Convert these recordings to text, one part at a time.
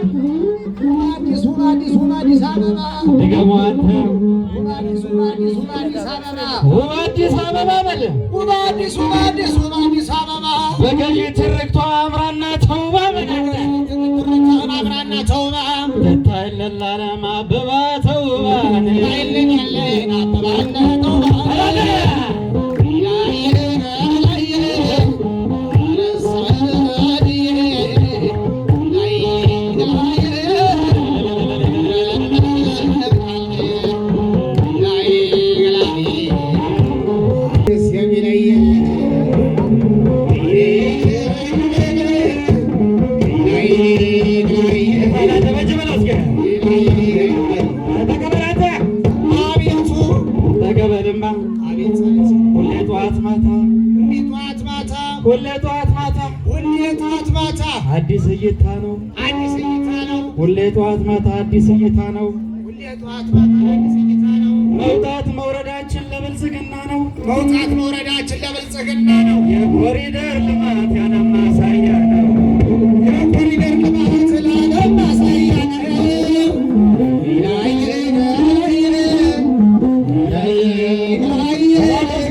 አዲስ ሁን አዲስ ሁን አዲስ አበባ ድገሙ አንተ ሁን አዲስ ሁን አዲስ ሁን አዲስ አበባ ሁን አዲስ አበባ በል ሁን አዲስ ሁን አዲስ ሁን አዲስ አበባ በገዢ ትርክቷ አምራና ተውባ ተውባ ተውባ ተውባ አቤቱ በገበርማ ሁሌ ማታ አዲስ እይታ ነው አዲስ እይታ ነው ሁሌ ጠዋት ማታ አዲስ እይታ ነው ሁሌ ጠዋት ማታ አዲስ እይታ ነው መውጣት መውረዳችን ለብልጽግና ነው መውጣት መውረዳችን ለብልጽግና ነው የኮሪደር ልማት ያለማሳያ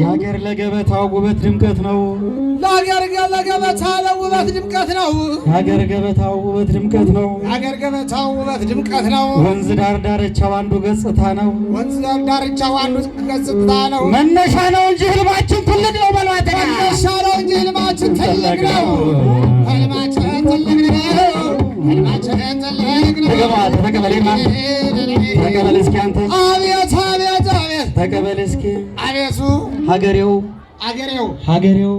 የሀገር ለገበታው ውበት ድምቀት ነው። ለሀገር ለገበታ ለውበት ድምቀት ነው። የሀገር ገበታው ውበት ድምቀት ነው። የሀገር ገበታው ውበት ድምቀት ነው። ወንዝ ዳር ዳርቻው አንዱ ገጽታ ነው። ወንዝ ዳር ዳርቻው አንዱ ገጽታ ነው። መነሻ ነው እንጂ ህልማችን ትልቅ ነው። በሏት መነሻ ነው እንጂ ህልማችን ትልቅ ነው። ህልማችን ትልቅ ነው። ተቀበል እስኪ አንተ አቤት አቤት አቤት ተቀበል እስኪ አቤቱ ሀገሬው አገሬው ሀገሬው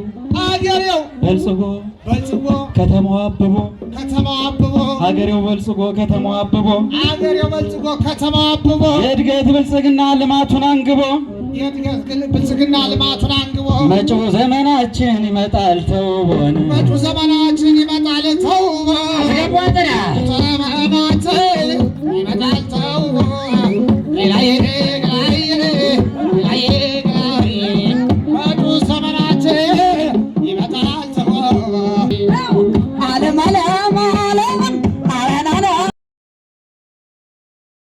አገሬው በልጽጎ በልጽጎ ከተማዋ አብቦ ከተማዋ አብቦ ሀገሬው በልጽጎ ከተማዋ አብቦ አገሬው በልጽጎ ከተማዋ አብቦ የእድገት ብልጽግና ልማቱን አንግቦ የእድገት ብልጽግና ልማቱን አንግቦ መጪው ዘመናችን ይመጣል ተውቦን መጪው ዘመናችን ይመጣል